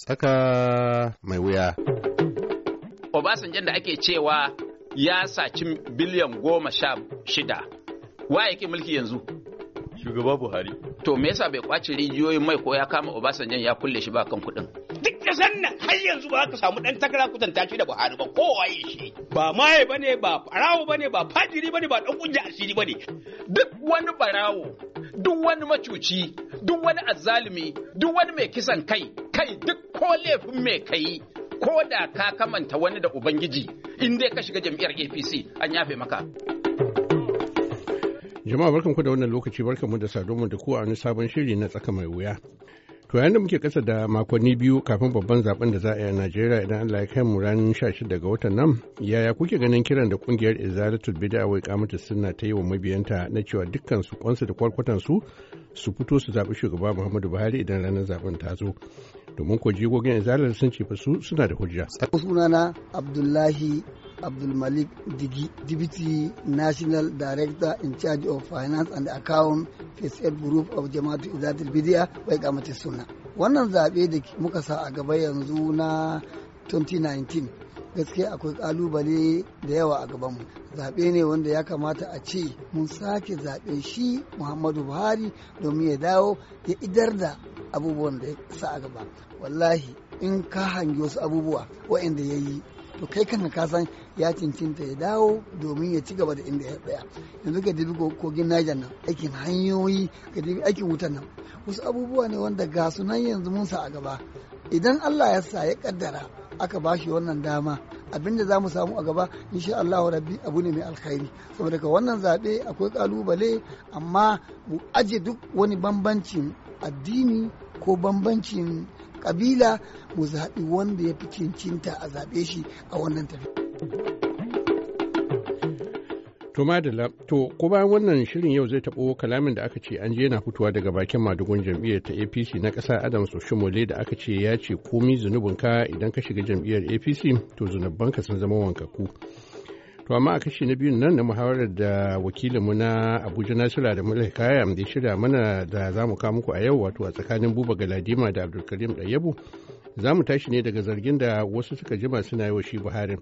Saka mai wuya. Obasanjan da ake cewa ya saci biliyan goma sha shida. Wa yake mulki yanzu? Shugaba Buhari. To me yasa bai kwace rijiyoyin mai ko ya kama Obasanjan ya kulle shi ba kan kuɗin? Duk da sannan, har yanzu ba ka samu ɗan takara kutanta shi da Buhari ba ko waye shi. Ba maye bane ba farawo bane ba fajiri bane ba ɗan kunja asiri bane. Duk wani barawo, duk wani macuci, duk wani azzalumi, duk wani mai kisan kai, kai duk ko laifin mai ka ko da ka kamanta wani da ubangiji in dai ka shiga jam'iyyar apc an yafe maka jama'a barkanku da wannan lokaci barkanmu da saduwa da ku a wani sabon shiri na tsaka mai wuya To yayin da muke kasa da makonni biyu kafin babban zaben da za a yi a Najeriya idan Allah ya kai mu ranar 16 ga watan nan, yaya kuke ganin kiran da kungiyar Izalatul Bid'a wai kamata suna ta yi wa mabiyanta na cewa dukkan su kwansu da kwarkwatan su su fito su zaɓi shugaba Muhammadu Buhari idan ranar zaben ta zo. Domin ko jigogin Izalar sun ce fa su suna da hujja. Sunana Abdullahi Abdulmalik Digi, Deputy National Director in charge of Finance and Account Face Group of Jama'atu Izatul Bidiya bai kamata suna. Wannan zaɓe da muka sa a gaba yanzu na 2019 gaskiya akwai kalubale da yawa a gabanmu zaɓe ne wanda ya kamata a ce mun sake zaɓe shi muhammadu buhari domin ya dawo ya idar da abubuwan da ya sa a gaba wallahi in ka hangi wasu abubuwa waɗanda ya yi to kai kan ka san ya cincinta ya dawo domin ya ci gaba da inda ya tsaya yanzu ka dubi kogin Niger nan aikin hanyoyi ka dubi aikin wutan nan wasu abubuwa ne wanda ga su nan yanzu mun sa a gaba idan Allah ya sa ya kaddara aka bashi wannan dama abinda za mu samu a gaba insha Allah rabbi abu ne mai alkhairi saboda ka wannan zaɓe akwai kalubale amma mu aje duk wani bambancin addini ko bambancin kabila mu zaɓi wanda ya fi cincinta a zaɓe shi a wannan tafiya. To Madala, to ko bayan wannan shirin yau zai taɓo kalamin da aka ce an je yana fitowa daga bakin madugun jam'iyyar ta APC na ƙasa Adams Oshimole da aka ce ya ce komi zunubinka idan ka shiga jam'iyyar APC to zunubanka sun zama wankaku. To amma a kashi na biyun nan na muhawarar da wakilinmu na Abuja Nasira da Mulai Kaya da shirya mana da za mu kawo muku a yau wato a tsakanin Buba Galadima da Abdulkarim Ɗayyabu za mu tashi ne daga zargin da wasu suka jima suna yi wa shi Buhari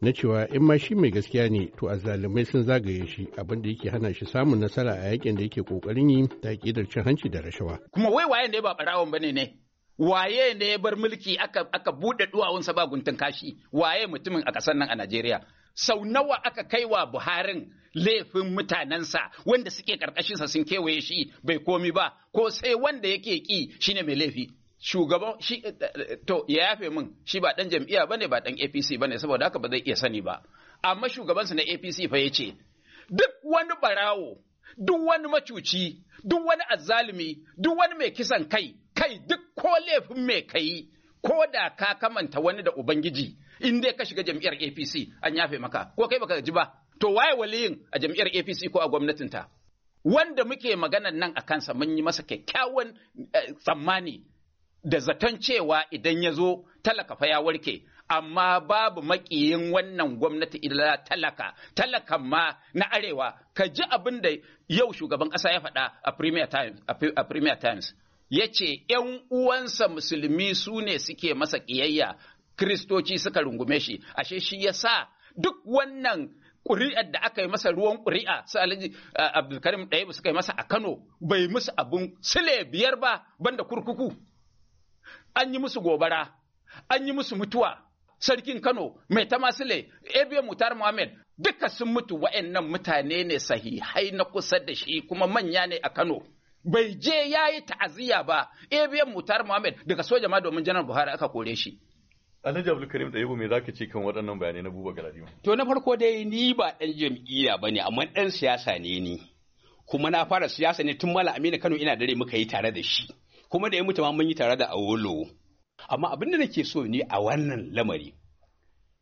na cewa in ma shi mai gaskiya ne to azzalumai sun zagaye shi abin da yake hana shi samun nasara a yakin da yake kokarin yi ta kidar cin hanci da rashawa. Kuma wai waye ne ba barawon bane ne? Waye ne ya bar mulki aka aka bude duwawunsa ba guntun kashi? Waye mutumin a kasar nan a Najeriya? sau nawa aka kai wa Buharin laifin mutanensa wanda suke ƙarƙashinsa sun kewaye shi bai komi ba ko sai wanda yake ki shine mai laifi shugaban shi eh, eh, to ya yafe min shi ba dan jam'iyya bane ba dan APC bane saboda haka ba zai iya sani ba amma shugabansa na APC fa yace duk wani barawo duk wani macuci duk wani azzalumi duk wani mai kisan kai kai duk ko laifin mai kai ko da ka kamanta wani da ubangiji in dai ka shiga jam'iyyar APC an yafe maka ko kai baka ji ba to waye waliyin a jam'iyyar APC ko a gwamnatinta wanda muke maganan nan a kansa mun yi masa kyakkyawan eh, tsammani da zaton cewa idan ya zo talaka fa ya warke amma babu makiyin wannan gwamnati illa talaka talakan ma na arewa ka ji abin da yau shugaban ƙasa ya faɗa a premier times ya ce ‘yan uwansa musulmi su ne suke masa ƙiyayya, Kiristoci suka rungume shi, ashe shi ya sa duk wannan ƙuri'ar da aka yi masa ruwan ƙuri'a su alhaji abdulkarim ɗaya suka yi masa a kano bai musu abin sile biyar ba banda kurkuku an yi musu gobara an yi musu mutuwa sarkin kano mai tama sile ebe mutar muhammad duka sun mutu wa'annan mutane ne sahihai na kusa da shi kuma manya ne a kano bai je ya yi ta'aziyya ba abm mutar muhammad daga soja ma domin janar buhari aka kore shi Alhaji Abdulkarim Ɗayibu me zaka ce kan waɗannan bayanai na Buba Galadima? To na farko dai ni ba ɗan jam'iyya ne, amma ɗan siyasa ne ni. Kuma na fara siyasa ne tun Malam Aminu Kano ina dare muka yi tare da shi. Kuma da ya mutu ma mun yi tare da awolo Amma abin da nake so ni a wannan lamari.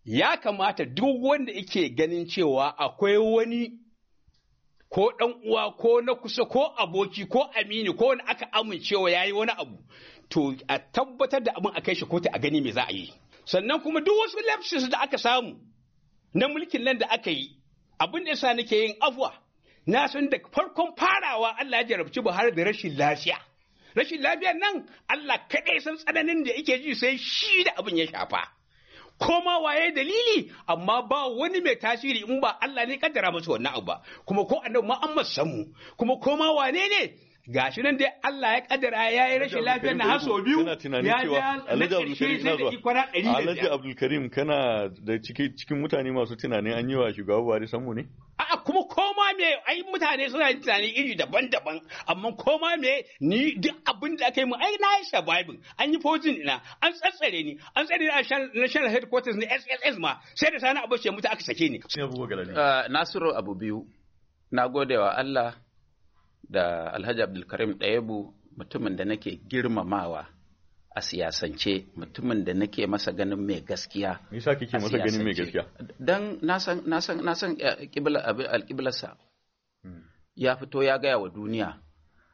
Ya kamata duk wanda yake ganin cewa akwai wani ko ɗan uwa ko na kusa ko aboki ko amini ko wani aka amincewa ya yi wani abu to a tabbatar da abin a kai shi kotu a gani me za a yi sannan kuma duk wasu lapses da aka samu na mulkin nan da aka yi abin da yasa nake yin afwa na san da farkon farawa Allah ya jarabci Buhari da rashin lafiya rashin lafiya nan Allah kaɗai san tsananin da yake ji sai shi da abin ya shafa koma waye dalili amma ba wani mai tasiri in ba Allah ne kaddara masa wannan abu ba kuma ko annabi Muhammad san mu kuma koma wane ne ga shi nan dai Allah ya kaddara ya yi rashin lafiyar na haso biyu kana tunanin cewa Alhaji Abdulkarim na zuwa Alhaji kana da cikin mutane masu tunanin an yi wa shugaba da samu ne a'a kuma koma me ai mutane suna tunani iri daban-daban amma koma me ni duk abin da aka yi mu ai na yi surviving an yi fojin ina an tsatsare ni an tsare ni a national headquarters na SSS ma sai da sani abu ce mutu aka sake ni eh, Nasiru abu biyu na gode wa Allah da Alhaji Abdulkarim Ɗayebu mutumin da nake girmamawa a siyasance mutumin da nake masa ganin mai gaskiya. Nisa kike masa ganin mai gaskiya? Don na san eh, alƙiblarsa hmm. ya fito ya gaya wa duniya.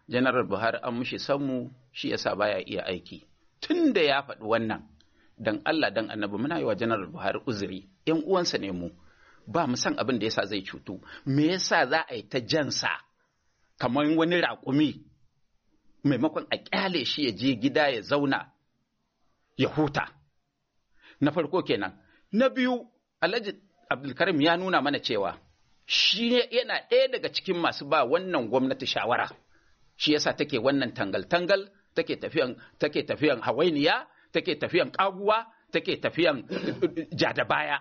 Janaral Buhari an mushe sanmu shi ya yasa baya iya aiki. Tun da ya faɗi wannan don Allah don annabi muna yi wa Janaral Buhari uzuri ‘yan uwansa ne mu ba mu san abin da ya sa zai cutu me yasa za a yi ta jansa kamar wani raƙumi maimakon a ƙyale shi ya je gida ya zauna ya huta na farko kenan na biyu alhaji abdulkarim ya nuna mana cewa shi yana ɗaya daga cikin masu ba wannan gwamnati shawara shi yasa take wannan tangal-tangal take tafiyan take tafiyan hawainiya take tafiyan ƙaguwa, take tafiyan eh, eh, jada baya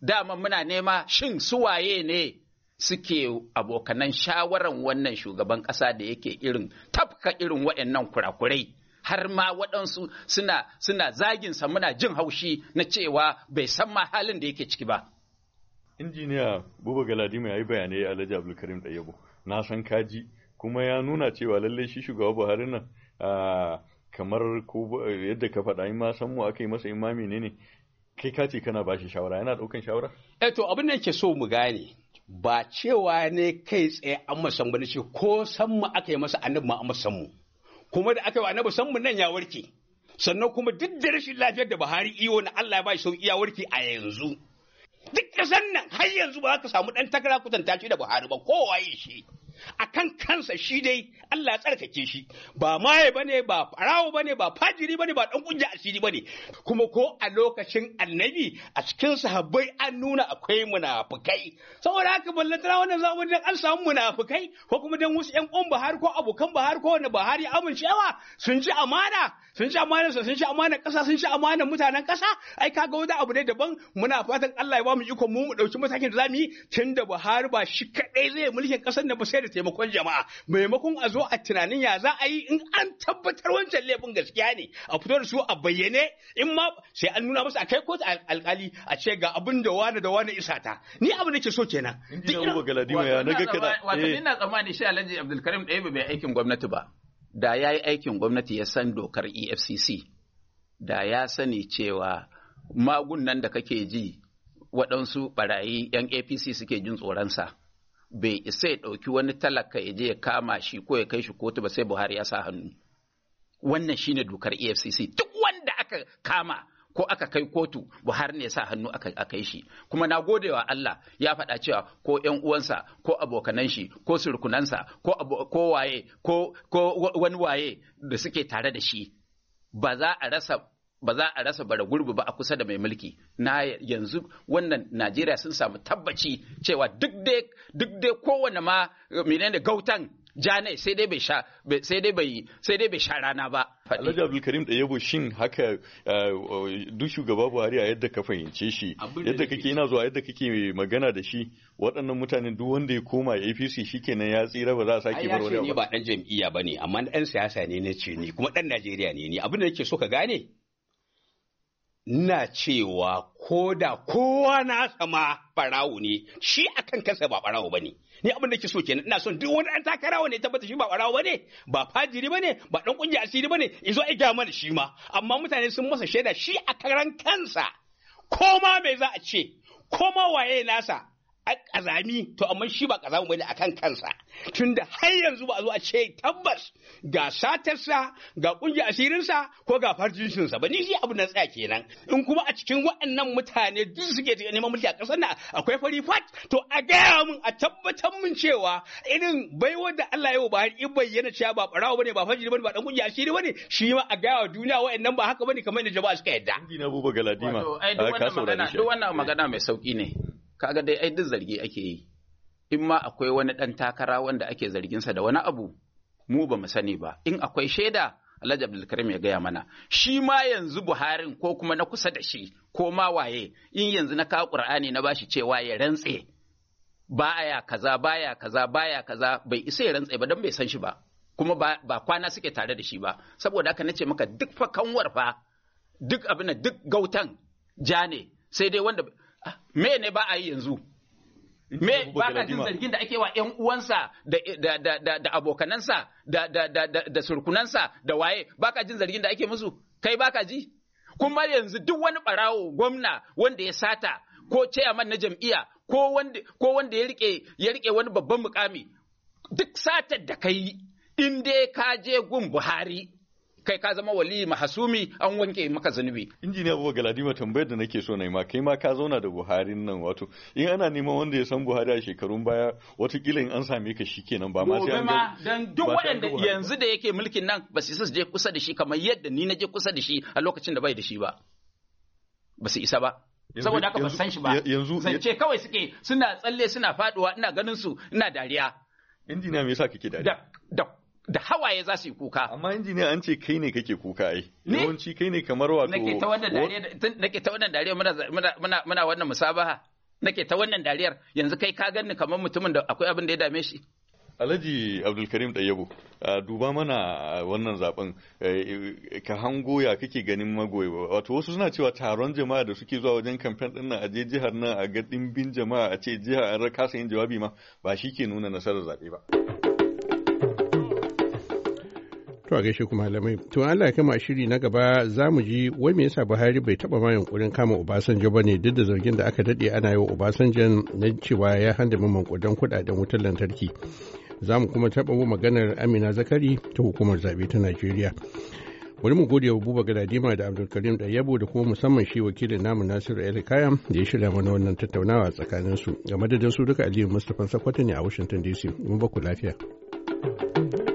dama muna nema shin suwaye ne suke abokanan shawaran wannan shugaban ƙasa da yake irin tafka irin waɗannan kurakurai har ma waɗansu suna suna sa muna jin haushi na cewa bai san ma halin da yake ciki ba. Injiniya Buba Galadima ya yi bayanai Alhaji Abdulkarim Ɗayabo na san kaji kuma ya nuna cewa lallai shi shugaba Buhari nan kamar ko yadda ka faɗa in ma san mu aka yi masa imami ne ne kai ka ce kana bashi shawara yana ɗaukan shawara? Eh to abin da yake so mu gane ba cewa ne kai tsaye an masan ba ce ko san mu aka yi masa annabi ma an masan mu kuma da aka yi annabi san mu nan ya warke sannan kuma duk da rashin lafiyar da Buhari iyo na Allah ya ba shi sauki ya warke a yanzu duk da nan har yanzu ba za ka samu dan takara kutanta shi da Buhari ba kowa yi shi a kan kansa shi dai Allah ya tsarkake shi ba maye bane ba farawo bane ba fajiri bane ba dan kunja asiri bane kuma ko a lokacin annabi a cikin sahabbai an nuna akwai munafukai saboda haka ballantana wannan zamanin dan an samu munafukai ko kuma dan wasu yan uwan Buhari ko abokan Buhari ko wani Buhari amincewa sun ci amana sun ci amana sun ci amana kasa sun ci amanar mutanen kasa ai kaga wani abu ne daban muna fatan Allah ya ba mu iko mu mu dauki matakin da zamu yi tunda Buhari ba shi kadai zai mulkin kasar da ba sai da taimakon jama'a maimakon a zo a tunanin ya za a yi in an tabbatar wancan laifin gaskiya ne a fito da su a bayyane in ma sai an nuna musu a kai kotu alkali a ce ga abin da wani da wani isa ta ni abin da ke so kenan duk ina ga galadima ya naga kada wato eh. na tsammani shi Alhaji Abdulkarim ɗaya ba bai aikin gwamnati ba da ya yi aikin gwamnati ya san dokar EFCC da ya sani cewa magun nan da kake ji waɗansu ɓarayi 'yan apc suke jin tsoron sa. bai isa ya ɗauki wani talaka ya je ya kama shi ko ya kai shi kotu ba sai Buhari ya sa hannu. Wannan shi ne dokar EFCC duk wanda aka kama ko aka kai kotu Buhari ne ya sa hannu aka kai shi kuma na gode wa Allah ya faɗa cewa ko ƴan uwansa ko abokanan shi ko surkunansa ko ko waye ko wani waye da suke tare da shi ba za a rasa ba za a rasa bara gurbi ba a kusa da mai mulki na yanzu wannan najeriya sun samu tabbaci cewa duk dai duk dai kowane ma menene gautan Janai sai dai bai sha sai dai bai sai dai bai sha rana ba Alhaji Abdul Karim da yabo shin haka eh, duk shugaba Buhari a yadda ka fahimce shi yadda kake ina zuwa yadda kake magana da shi waɗannan mutanen duk wanda ya koma APC shikenan ya tsira ba za a sake barwa wani ba dan jam'iyya bane amma dan siyasa ne na ce ni kuma dan Najeriya ne ni abin da nake so ka gane ina cewa ko da kowa na sama barawo ne shi akan kansa ba barawo ni abin da ke so kenan ina son duk wani an takara ne tabbata shi ba barawo ne? ba fajiri ne? ba dan kungiya asiri ba bane izo a gama mana shi ma amma mutane sun masa shaida shi a karan kansa ko ma me za a ce ko ma waye nasa ƙazami to amma shi ba ƙazami bane akan kansa tunda har yanzu ba a ce tabbas ga satarsa ga ƙungiyar asirinsa ko ga farjinsinsa ba ni shi abu na tsaya kenan in kuma a cikin waɗannan mutane duk suke neman mulki a ƙasar nan akwai fari fat to a gaya mun a tabbatar mun cewa irin baiwar da Allah ya ba in bayyana cewa ba barawo bane ba fajiri bane ba dan ƙungiyar asiri bane shi ma a gaya wa duniya waɗannan ba haka bane kamar da jama'a suka yadda. Buba Galadima. ai duk wannan magana mai sauki ne. kaga dai ai duk zargi ake yi in ma akwai wani ɗan takara wanda ake zargin sa da wani abu mu ba mu sani ba in akwai shaida Alhaji Karim ya gaya mana shi ma yanzu Buharin ko kuma na kusa da shi ko ma waye in yanzu na kawo Qur'ani na bashi cewa ya rantse baya kaza baya kaza baya kaza bai isa ya rantse ba dan bai san shi ba kuma ba, kwana suke tare da shi ba saboda haka nace maka duk fa kanwar fa duk abin duk gautan ja ne sai dai wanda me ne ba a yi yanzu me ba ka jin zargin da ake wa ƴan uwansa da abokanansa da da da surkunansa da waye ba ka jin zargin da ake musu kai ba ka ji kuma yanzu duk wani ɓarawo, gwamna wanda ya sata ko chairman na jam'iyya ko wanda ko wanda ya rike wani babban mukami duk satar da kai in dai ka je gun Buhari kai ka zama wali mahasumi an wanke maka zunubi injiniya abubuwa galadima tambayar da nake so na yi ma kai ma ka zauna da buhari nan wato in ana neman wanda ya san buhari a shekarun baya watakila in an same ka shi kenan ba ma sai an ga dan duk waɗanda yanzu da yake mulkin nan ba su isa su je kusa da shi kamar yadda ni na je kusa da shi a lokacin da bai da shi ba ba su isa ba saboda haka ban san shi ba yanzu zance kawai suke suna tsalle suna faduwa ina ganin su ina dariya injiniya me yasa kake dariya da da hawaye za su yi kuka. Amma injiniya an ce kai ne kake kuka ai. Yawanci kai ne kamar wato. Nake ta wannan dariyar nake ta wannan dariyar muna muna muna wannan musabaha. Nake ta wannan dariyar yanzu kai ka ganni kamar mutumin da akwai abin da ya dame shi. Alhaji Abdulkarim Dayyabo, duba mana wannan zaben eh, eh, ka hango ya kake ganin magoyi wato wasu suna cewa taron jama'a da suke zuwa wajen kamfen ɗin nan a jihar nan a ga ɗimbin jama'a a ce jihar an rakasa yin jawabi ma ba shi ke nuna nasarar zaɓe ba. To a gaishe kuma malamai. To Allah ya kama shiri na gaba za mu ji wai me yasa Buhari bai taba ma yunkurin kama Obasanjo bane duk da zargin da aka dade ana yi wa Obasanjo na cewa ya handama mankudan kudaden wutar lantarki. Za mu kuma taba maganar Amina Zakari ta hukumar zabe ta Najeriya. Bari mu gode wa Buba Galadima da Abdulkarim da Yabo da kuma musamman shi wakilin namu Nasiru El Kayam da ya shirya mana wannan tattaunawa tsakanin su. Ga madadin su duka Aliyu Mustapha Sakwata ne a Washington DC. Mun ba ku lafiya. thank you